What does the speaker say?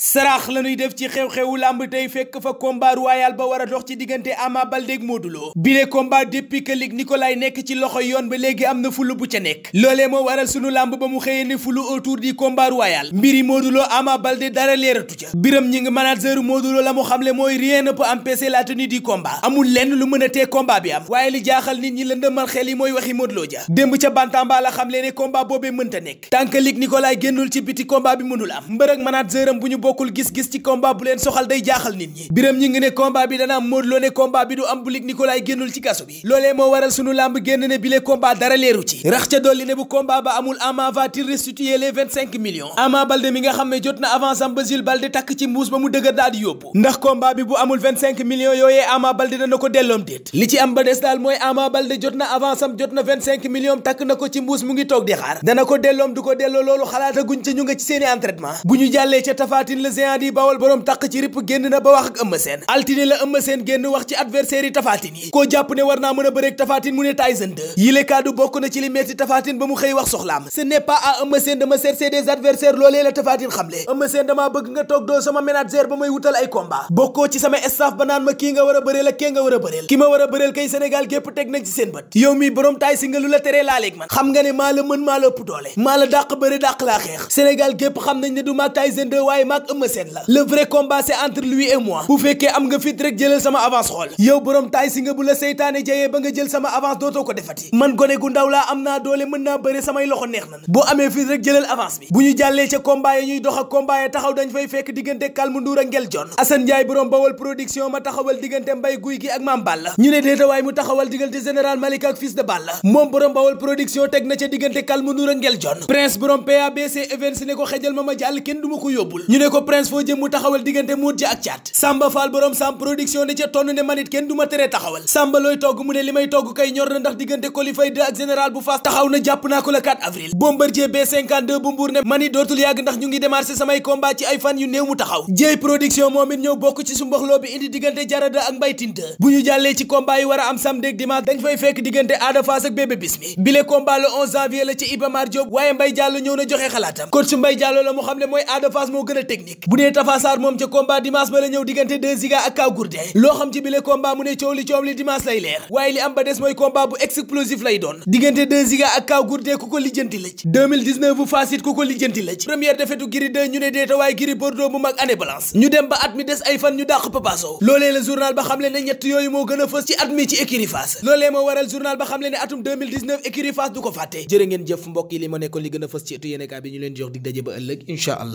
sarax la ñuy def ci xew-xewu làmb tey fekk fa combat royal ba war a dox ci diggante Ama Baldé ak Modou Lo bile combat depuis que nekk ci loxo yoon ba léegi am na fulu bu ca nekk loolee moo waral sunu làmb ba mu xëyee ne fulu autour du combat royal mbiri Modou Lo Ama Baldé dara leeratu ca biram ñi ngi manager Modou Lo la mu xamle mooy rien ne peut empêcher la tenue du combat amul lenn lu mën a te combat bi am waaye li jaaxal nit ñi la ndëmal xel yi mooy waxi Modou Lo ja démb ca Bantamba la xamle bu bokkul gis-gis ci combat bu leen soxal day jaaxal nit ñi biram ñi ngi ne combat bi dana am Modou ne combat bi du am bu Luc génnul ci kaso bi loolee moo waral sunu làmb génn ne bile combat dara leeru ci rax ca dolli ne bu combat ba amul Ama va-t-il restituer les 25 millions Ama Baldé mi nga xam ne jot na avance ba Jules Baldé takk ci mbuus ba mu dëgër daal yóbbu ndax combat bi bu amul 25 millions yooyee Ama Baldé dana ko delloom déet Tafaatin le géant di bawal boroom taq ci ripp génn na ba wax ak Eumeu Sène altine la Eumeu Sène génn wax ci adversaire yi Tafaatin yi koo jàpp ne war naa mën a bëreeg Tafaatin mu ne Tyson 2 yile kaddu bokk na ci li metti Tafaatin ba mu xëy wax soxlaam ce n'est pas à Eumeu Sène de me des adversaires loolee la Tafaatin xamle Eumeu Sène damaa bëgg nga toog doo sama manager ba may wutal ay combat bokkoo ci sama staff ba naan ma kii nga war a bëreel ak kee a a Eumeu Sène la le vrai combat c'est entre lui et moi bu fekkee am nga fit rek jëlal sama avance xool yow borom taay si nga bu la seytaane jayee ba nga jël sama avance dootoo ko defati man gone gu ndaw laa am naa doole mën naa bëre samay loxo neex na boo amee fit rek jëlal avance bi bu ñu jàllee ca combat yi ñuy dox ak combat yi taxaw dañ fay fekk diggante Kalmu Ndour ak Ngel Jon Assane Ndiaye borom Bawol production ma taxawal diggante Mbay Guy gi ak Maam Balla ñu na ca diggante Kalmu kenn du ma ko yóbbul ñu ne ko prince mu taxawal diggante Modou Dia ak Thiat Samba Fall borom Sam production da ca ne manit kenn du ma teree taxawal Samba looy togg mu ne li may togg kay ñor na ndax diggante Colifay 2 ak général bu na jàpp naa ko le 4 avril Bombardier B52 bu dootul yàgg ndax ñu ngi démarché samay combat ci ay fan yu néew mu taxaw jéey production moom it ñëw bokk ci su mboxloo bi indi diggante jarada ak mbaytinte bu ñu jàllee ci combat yi war a am samedi ak dimanche dañ fay fekk diggante Ada Fass ak bébé bismi bile combat le 11 janvier la ci Iba Mar waaye Mbay Jàllo ñëw na joxe xalaatam coach Mbay Jàllo la mu xam ne mooy Ada Fass moo gën a technique bu dee tafaasaar moom ca combat dimanche ba la ñëw diggante deux ziga ak kaagourde loo xam ci bile combat mu ne coow li coow li dimanche lay leer waaye li am ba des mooy combat bu explosif lay doon diggante deux ziga ak kaagourde ku ko lijjanti lëj 2019 bu faasit ku ko lijjanti lëj première défaite Gris 2 ñu ne deeta waaye Gris Bordeaux bu mag année balance ñu dem ba at mi des ay fan ñu dàq Papa loolee la journal ba xam le ne ñett yooyu moo gën a fës